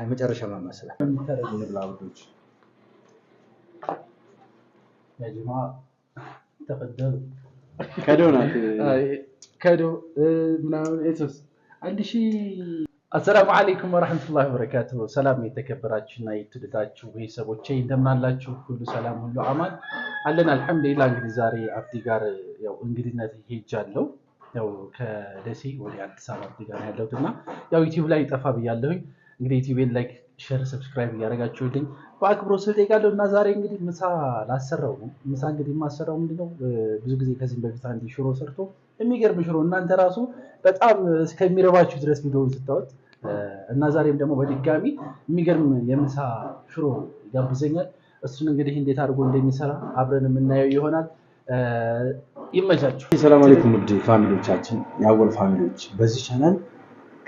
የመጨረሻ ማማስላ ከዶ ምናምን ኤቶስ አሰላሙ አለይኩም ወረሕመቱላሂ ሰላም የተከበራችሁና የትልታችሁ ቤተሰቦቼ እንደምናላችሁ ሁሉ ሰላም፣ ሁሉ አማን አለን። አልሐምዱሊላህ። እንግዲህ ዛሬ አብዲ ጋር ያው እንግድነት ሄጃለሁ። ያው ከደሴ ወደ አዲስ አበባ ጋር ያለሁት እና ያው ዩቲዩብ ላይ ጠፋ ብያለሁኝ። እንግዲህ ዩቲዩብን ላይክ፣ ሼር፣ ሰብስክራይብ እያደረጋችሁልኝ በአክብሮ ስል እጠይቃለሁ። እና ዛሬ እንግዲህ ምሳ ላሰራው ነው። ምሳ እንግዲህ የማሰራው ምንድነው ብዙ ጊዜ ከዚህም በፊት አንድ ሽሮ ሰርቶ የሚገርም ሽሮ እናንተ ራሱ በጣም እስከሚረባችሁ ድረስ ቪዲዮውን ስታወጥ እና ዛሬም ደግሞ በድጋሚ የሚገርም የምሳ ሽሮ ይጋብዘኛል። እሱን እንግዲህ እንዴት አድርጎ እንደሚሰራ አብረን የምናየው ይሆናል። ይመቻቸው። ሰላም አለይኩም ውድ ፋሚሊዎቻችን፣ የአወል ፋሚሊዎች በዚህ ቻናል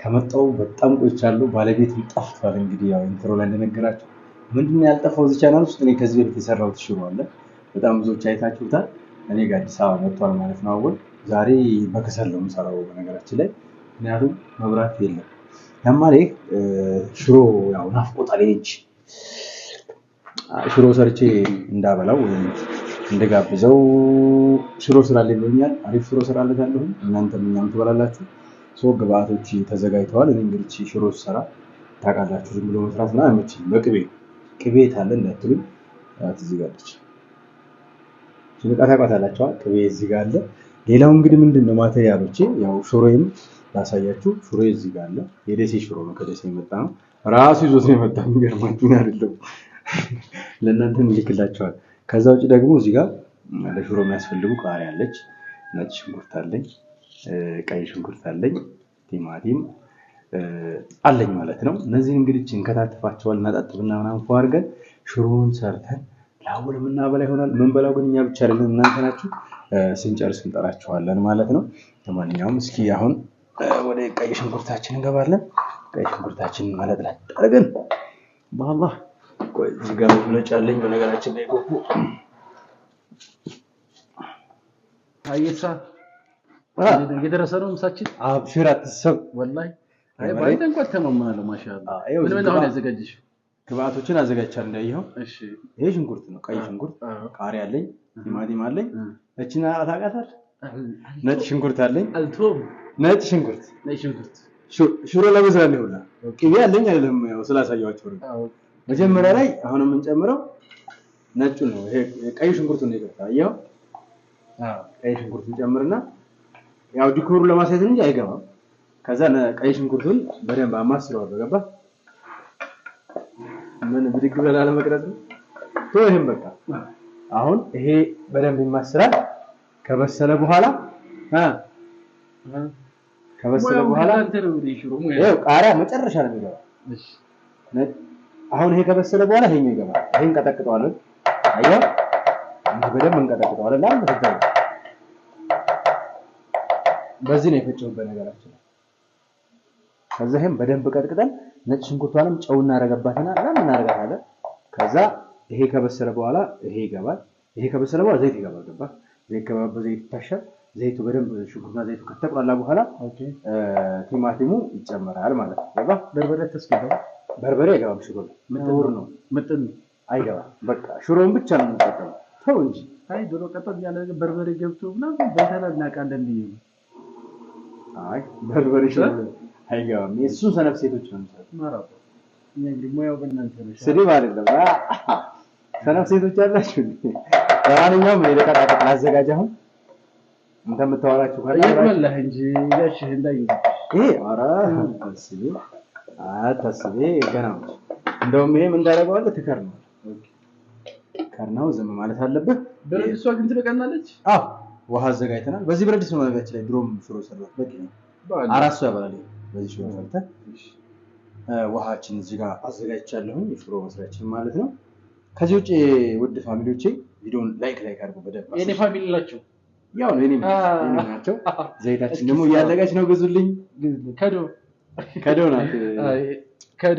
ከመጣው በጣም ቆይቻለሁ። ባለቤት ጠፍቷል። እንግዲህ ያው ኢንትሮ ላይ እንደነገራቸው ምንድነው ያልጠፋው እዚህ ቻናል ውስጥ እኔ ከዚህ በፊት የሰራሁት ሽሮ አለ። በጣም ብዙዎች አይታችሁታል። እኔ ጋር አዲስ አበባ መጥቷል ማለት ነው። አወል ዛሬ በከሰል ነው የምሰራው በነገራችን ላይ ምክንያቱም መብራት የለም። ያማሌ ሽሮ ያው ናፍቆታል። ሽሮ ሰርቼ እንዳበላው ወይም እንደጋብዘው ሽሮ ስራልኝ ብሎኛል። አሪፍ ሽሮ ስራ ስራለታለሁ። እናንተም እኛም ትበላላችሁ። ሶ ግብአቶች ተዘጋጅተዋል። እኔ እንግዲህ ሽሮ ስራ ታውቃላችሁ፣ ዝም ብሎ መስራት ና አይመችም። በቅቤ ቅቤ ታለ እንዳትሉኝ ትዚጋለች ሽንቃ ታውቃታላችኋል። ቅቤ እዚህ ጋ አለ። ሌላው እንግዲህ ምንድን ነው ማቴሪያሎቼ፣ ያው ሽሮዬም ላሳያችሁ። ሽሮ እዚህ ጋ አለ። የደሴ ሽሮ ነው፣ ከደሴ የመጣ ነው። ራሱ ይዞት ነው የመጣ የሚገርማችሁ አይደለም። ለእናንተም ይልክላቸዋል ከዛ ውጭ ደግሞ እዚህ ጋር ለሽሮ የሚያስፈልጉ ቃሪያ አለች፣ ነጭ ሽንኩርት አለኝ፣ ቀይ ሽንኩርት አለኝ፣ ቲማቲም አለኝ ማለት ነው። እነዚህን እንግዲህ እንከታተፋቸዋል እናጣጥብና ምናምን አድርገን ሽሮውን ሰርተን ለአሁን የምናበላ ይሆናል። ምንበላው ግን እኛ ብቻ አይደለም እናንተ ናችሁ። ስንጨርስ እንጠራችኋለን ማለት ነው። ለማንኛውም እስኪ አሁን ወደ ቀይ ሽንኩርታችን እንገባለን። ቀይ ሽንኩርታችንን መለጥለጥ አድርገን በአላህ ቆይ እዚህ ጋር መግለጫ አለኝ። በነገራችን ላይ ኮኩ አየሳ የደረሰ ነው ምሳችን። አብሽራ ተሰብ ወላሂ አይ ባይተን እንኳን ተመማለ ማሻአላ። ምን ምን አሁን ያዘጋጅሽ ግብአቶችን አዘጋጅቻለሁ እንዳየኸው። እሺ ይሄ ሽንኩርት ነው፣ ቀይ ሽንኩርት፣ ቃሪያ አለኝ፣ ቲማቲም አለኝ። እቺና አታውቃታል። ነጭ ሽንኩርት አለኝ፣ አልቶም ነጭ ሽንኩርት፣ ነጭ ሽንኩርት ሽሮ ለመስራት ነው። ሁላ ቅቤ አለኝ አይደለም? ያው ስላሳየኋቸው ነው። መጀመሪያ ላይ አሁን የምንጨምረው ነጩ ነው። ይሄ ቀይ ሽንኩርቱ ነው የገባ አዎ፣ ቀይ ሽንኩርቱን ጨምርና ያው ዲኮሩ ለማሳየት እንጂ አይገባም። ከዛ ቀይ ሽንኩርቱን በደንብ አማስለዋለሁ። ገባ ምን ብድግ ብለህ ላለመቅረጽ ነው። ቶ ይሄን በቃ አሁን ይሄ በደንብ ይማስላል። ከበሰለ በኋላ አ ከበሰለ በኋላ ቃሪያ መጨረሻ ነው የሚገባው። አሁን ይሄ ከበሰለ በኋላ ይሄን ይገባል። ይሄን እንቀጠቅጠዋለን። አየህ እንዲህ በደንብ እንቀጠቅጠዋለን። ለአንድ ፍታ በዚህ ነው የፈጨሁበት ነገራችን። ከዛ ይሄን በደንብ ቀጥቅጠን ነጭ ሽንኩርቷንም ጨው እናረጋባትና ለምን እናደርጋታለን። ከዛ ይሄ ከበሰለ በኋላ ይሄ ይገባል። ይሄ ከበሰለ በኋላ ዘይት ይገባል። ገባ ዘይት ገባ። በዘይት ይታሻል። ዘይቱ በደንብ ሽንኩርትና ዘይቱ ከተቁላላ በኋላ ቲማቲሙ ይጨመራል ማለት ነው። ገባ በርበሬ ተስገባ በርበሬ አይገባም። ሽሮ ምጥውር ነው፣ ምጥን አይገባም። በቃ ሽሮን ብቻ ነው የምንጠቀመው። ተው እንጂ አይ ዶሮ ቀጠል ያለ በርበሬ ገብቶ ምናምን በተላ እናውቃለን ብዬ ነው። አይ በርበሬ ሽሮ አይገባም። የእሱን ሰነፍ ሴቶች ነው የሚሰሩት። ስድብ አይደለም፣ ሰነፍ ሴቶች አላችሁ። ለማንኛውም ሌለቃ ላዘጋጅ አሁን እንትን ይሄ አታስቤ ገና ነው። እንደውም ይሄ ምን ታደርገዋለህ? ትከርነዋል። ከርናው ዝም ማለት አለብህ። ብረት ድስቷ ግን ትበቃናለች። አዎ ውሃ አዘጋጅተናል። በዚህ ብረት ነው ነገራችን ላይ ድሮም ሽሮ ሰራት በቂ ነው። አራት ሰው ያበላል። በዚህ ሽሮ ሰርተን ውሃችን እዚህ ጋር አዘጋጅቻለሁኝ የሽሮ መስሪያችን ማለት ነው። ከዚህ ውጭ ውድ ፋሚሊዎቼ ቪዲዮን ላይክ ላይክ አድርጉ በደንብ። የኔ ፋሚሊ ናቸው ያው ነው ናቸው። ዘይታችን ደግሞ እያለቀች ነው። ግዙልኝ ከዶ ከደው ናት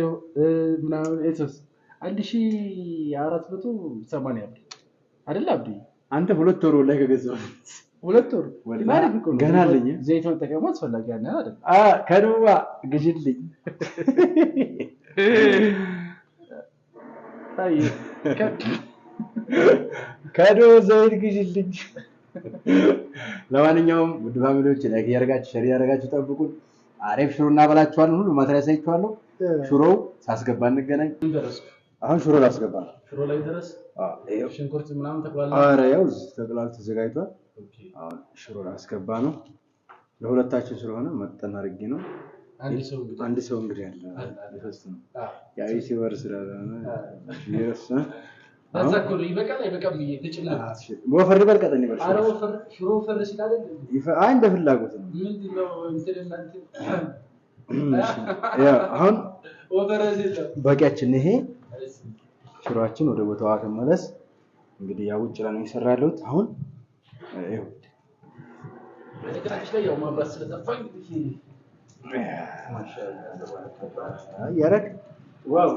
ምናምን አንድ ሺ አራት መቶ ሰማንያ ብር አይደል አንተ ሁለት ወር ላይ ከገዛው ሁለት ወር ገና አለኝ። ዘይት መጠቀሙ አስፈላጊ ያ ግዥልኝ ከዶ ዘይት ግዥልኝ። ለማንኛውም ውድ ፋሚሊዎች ላይ ያደረጋችሁ ሸሪ ያደረጋችሁ ጠብቁን። አሪፍ ሽሮ እናበላችኋለን። ሁሉ ማትሪያ ያሳይችኋለሁ። ሽሮው ሳስገባ እንገናኝ። አሁን ሽሮ ላስገባ ነው። ሽሮ ላይ ድረስ ሽንኩርት ምናምን ተቅላል ተዘጋጅቷል። አሁን ሽሮ ላስገባ ነው። ለሁለታችን ስለሆነ መጠን አድርጌ ነው። አንድ ሰው እንግዲህ ያለ ነው ያ ዩቲበር ስለሆነ ወፈር በል ቀጠን ይበል። ወፈር ሽሮ ወፈር አይ እንደ ፍላጎት ነው። ነው አሁን ወፈር በቂያችን ይሄ ሽሮአችን ወደ ቦታዋ ከመለስ እንግዲህ ያው ውጭ ላይ ነው የሰራ ያለሁት አሁን ይኸው ያረክ ዋው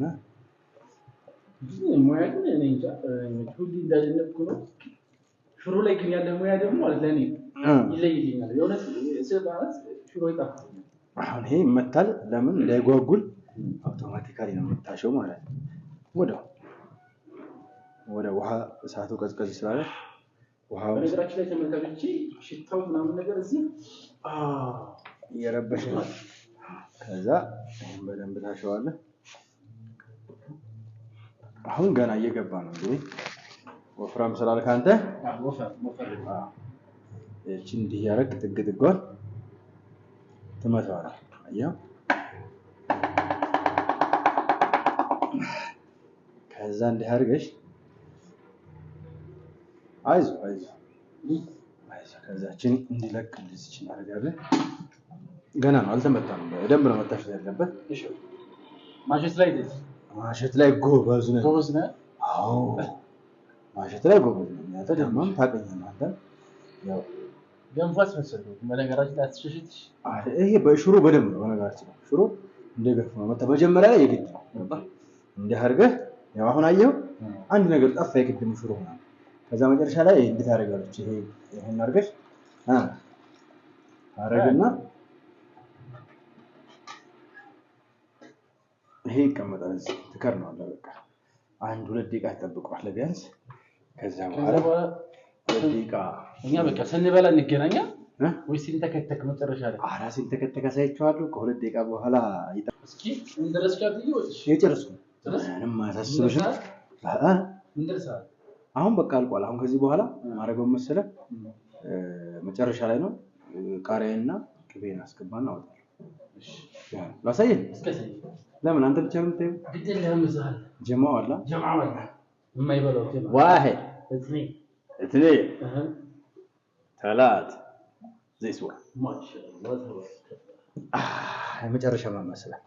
እና ሙያ ግን እኔ እንጃ ሁሉ እንዳደነቅኩ ነው። ሽሮ ላይ ግን ያለ ሙያ ደግሞ ለእኔ ይለይልኛል። የእውነት ሽሮ አሁን ይሄ ለምን እንዳይጓጉል አውቶማቲካሊ ነው የምታሸው ማለት ነው። ወደ ውሃ እሳቱ ቀዝቀዝ ስላለ ውሃ በነገራችን ላይ ተመልካቾች ሽታው ምናምን ነገር እዚህ ከዛ ይህም በደንብ ታሸዋለህ። አሁን ገና እየገባ ነው። እንግዲህ ወፍራም ስላልክ አንተ እቺ እንዲህ እያደረግ ጥግ ጥጓን ትመታዋለህ። ከዛ እንዲህ አድርገሽ አይዞህ ከዛችን እንዲለቅ እንዲስች እናደርጋለን። ገና ነው፣ አልተመታም። በደንብ ነው መታሸት ያለበት ማሸት ላይ ማሸት ላይ ጎበዝ ነህ። ጎበዝ ነህ። አዎ ማሸት ላይ ጎበዝ ነህ። ያንተ ደግሞ ታገኛለህ አንተ ያው ገንፎ አስመሰልኩት። በነገራችን ላይ አትሸሽት። ይሄ በሽሮ በደንብ ነው። በነገራችን ላይ ሽሮ እንደ ገፍ ነው። መጣ መጀመሪያ ላይ የግድ ነው እንዲህ አድርገህ ያው አሁን አየኸው አንድ ነገር ጠፋ። የቅድም ሽሮ ሆና ከዛ መጨረሻ ላይ እንዴት አደርጋለች ይሄ ይሄን አድርገሽ አረግና ይሄ ይቀመጣል እዚ ትከር ነው አለ በቃ አንድ ሁለት ደቂቃ ትጠብቀዋል ቢያንስ። ከዛ በኋላ ደቂቃ እኛ በቃ ስንበላ እንገናኛ ወይ ሲንተከተክ መጨረሻ ላይ ኧረ ሲንተከተክ አሳይቼዋለሁ። ከሁለት ደቂቃ በኋላ የጨረስኩ ምንም አያሳስብሽም። አሁን በቃ አልቋል። አሁን ከዚህ በኋላ ማድረገው መሰለ መጨረሻ ላይ ነው ቃሪያና ቅቤን አስገባና አወጣለሁ። ላሳየን لا لما انت بتجمعتين قد اللي هم سهل جمع ولا جمع ولا ما يبلوا جمع واحد اثنين اثنين أه. ثلاث زي سوا ما شاء الله آه مجرشة ما مسلا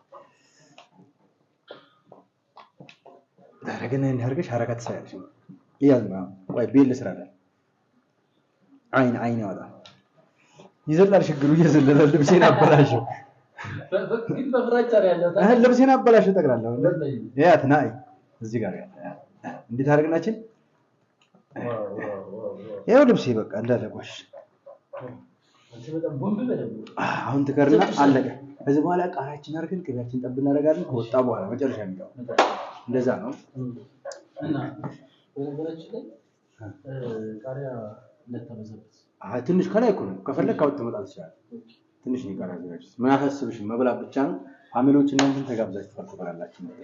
دارك إن هرقش حركة سير شو إياه ما ويبيل لسرنا عين عين هذا يزلل شقرو يزلل اللي بسينا بلاشو ልብሴን አበላሽ ጠቅላለሁ። ያት ና እዚህ ጋር እንዴት አድርግናችን ያው ልብሴ በቃ እንዳለቆሽ አሁን ትከርና አለቀ። ከዚህ በኋላ ቃሪያችን አድርገን ቅቤያችን ጠብ እናደርጋለን። ከወጣ በኋላ መጨረሻ የሚለው እንደዛ ነው። ትንሽ ከላይ እኮ ነው። ከፈለግ ካወጥ መጣል ትችላለህ። ትንሽ ይቀራል። አዘጋጅ ምን አሳስብሽ መብላት ብቻ ነው። ፋሚሊዎች እናንተን ተጋብዛችሁ ትፈልጉላላችሁ ምን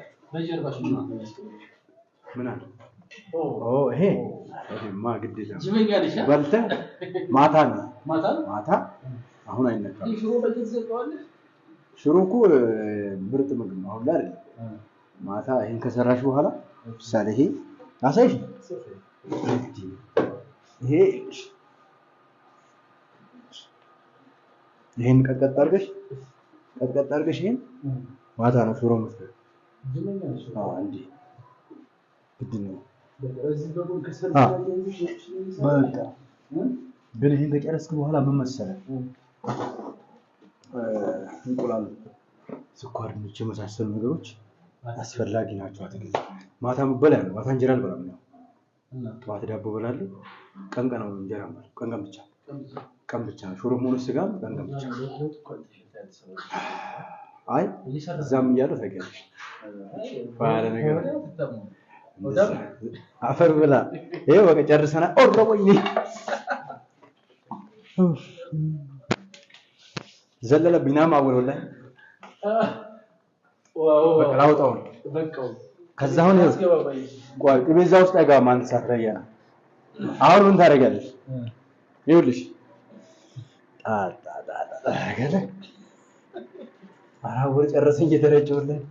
በልተህ ማታ ነው ማታ አሁን አይነካም። ሽሮ እኮ ምርጥ ምግብ ነው። አሁን ላይ አይደለም ማታ ይሄን ከሰራሽ በኋላ ምሳሌ ይሄ አሳይሽ ይሄ ይሄን ቀጥቀጥ አድርገሽ ቀጥቀጥ አድርገሽ ይሄን ማታ ነው ሽሮ የምትበይው። አዎ እንደ ግድ ነው። በቃ ግን ይሄን ከጨረስክ በኋላ ምን መሰለ እንቁላል፣ ስኳር፣ ድንች የመሳሰሉ ነገሮች አስፈላጊ ናቸው። አትክልት ማታ ምበላ ያለው ማታ እንጀራ አልበላም ነው። ጠዋት ዳቦ በላለሁ። ቀን ቀን ነው እንጀራ ቀን ቀን ብቻ ቀን ብቻ ሹሩም ሆኖ ስጋ ቀን ብቻ። አይ እዛም እያለ ተገኘ ባለ ነገር አፈር ብላ ይሄ በቃ ጨርሰና ኦሮሞኝ ዘለለ ቢናም አወለው ላይ በቃ ላውጣው ከዛ አሁን ቋል ቅቤዛ ውስጥ አይገባም። አንተ ሳትረያ ነው። አሁን ምን ታደርጊያለሽ? ይኸውልሽ አራወር ጨረሰኝ የተረጨውልን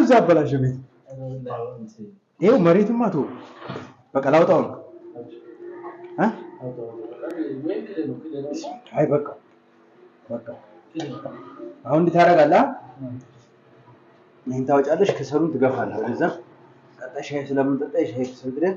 ብዙ አበላሸው ቤት ይኸው መሬትማ ቶ በቃ ላውጣው ነው። አይ በቃ በቃ አሁን እንዲህ ታደርጋለህ። ይህን ታወጫለሽ፣ ከሰሉን ትገፋለህ ወደዛ። ቀጣይ ሻይ ስለምንጠጣ ሻይ ከሰል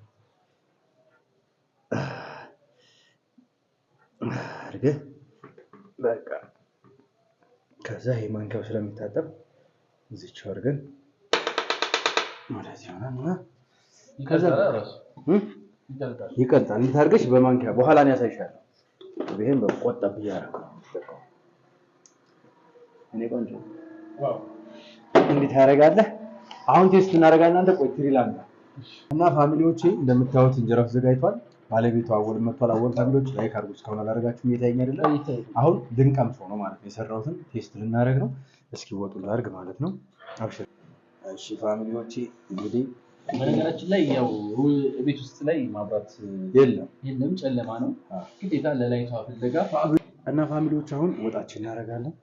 አድርገህ በቃ ከዛ ይሄ የማንኪያው ስለሚታጠብ እዚቸው አድርገን ወደዚህ ሆናልና ይቀልጣል። እንዴት አድርገሽ በማንኪያ በኋላ ነው ያሳይሻለሁ። ይሄን በቆጣ እያደረኩ እኔ ቆንጆ እንዴት ያደርጋለህ? አሁን ቴስት እናደርጋለን። አንተ ቆይ ትሪላንካ እና ፋሚሊዎቼ እንደምታዩት እንጀራ ተዘጋጅቷል። ባለቤቷ አወል መቷል። አወል ተብሎች ላይክ አድርጉ። እስካሁን አላደረጋችሁም፣ እየታየኝ አይደለም። አሁን ልንቀምሰው ነው ማለት ነው። የሰራሁትን ቴስት ልናደርግ ነው። እስኪ ወጡ ላድርግ ማለት ነው። አብሽር። እሺ ፋሚሊዎቼ፣ እንግዲህ በነገራችን ላይ ያው ቤት ውስጥ ላይ ማብራት የለም የለም፣ ጨለማ ነው። ግዴታ ለላይቷ ፍለጋ እና ፋሚሊዎች አሁን ወጣችን እናደርጋለን።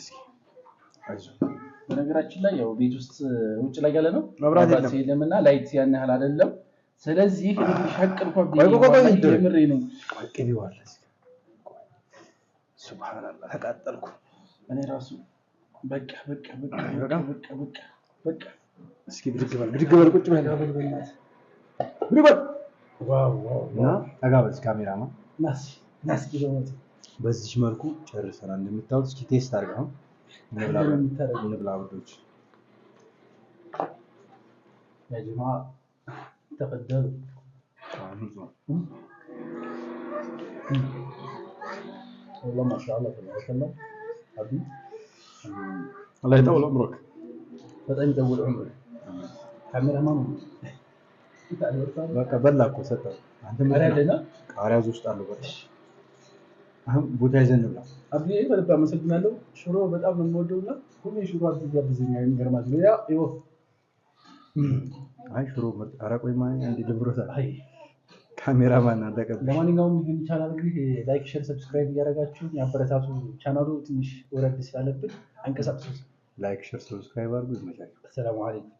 እስኪ አይዞህ በነገራችን ላይ ያው ቤት ውስጥ ውጭ ላይ ያለ ነው መብራት የለም እና ላይት ያን ያህል አይደለም ስለዚህ ah. ተቃጠልኩ። እኔ ራሱ በቃ በቃ በቃ በቃ በቃ እስኪ ብድግ በል ብድግ በል ቁጭ በል ብድግ በል እና ጠጋ በል ካሜራ ነው። በዚህ መልኩ ጨርሰናል። እንደምታዩት እስኪ ቴስት አድርገው እንብላ ውዶች تفضلوا والله ما شاء الله تبارك الله حبيبي الله يطول عمرك በጣም ይጠውል ዑምር ካሜራማኑ በቃ በላ እኮ ሰጠው። ቃሪያዝ ውስጥ አለው። በጣም አሁን ቦታ ይዘን ብላ አብ በልብ አመሰግናለሁ። ሽሮ በጣም ነው የምወደውና ሁሌ ሽሮ አብዝያ ብዙኛ የሚገርማት ያ ይወፍ አይ ሽሮ ምርጥ። ኧረ ቆይ ማን አንዴ ልብሮታል። ካሜራ ማን አለቀብኝ። ለማንኛውም ይህን ቻናል እንግዲህ ላይክ፣ ሼር፣ ሰብስክራይብ እያደረጋችሁ የአበረታቱ። ቻናሉ ትንሽ ወረድ ስላለብን አንቀሳቅሱት። ላይክ፣ ሼር፣ ሰብስክራይብ አድርጉ። ይመቻችሁ። ሰላም አለይኩም።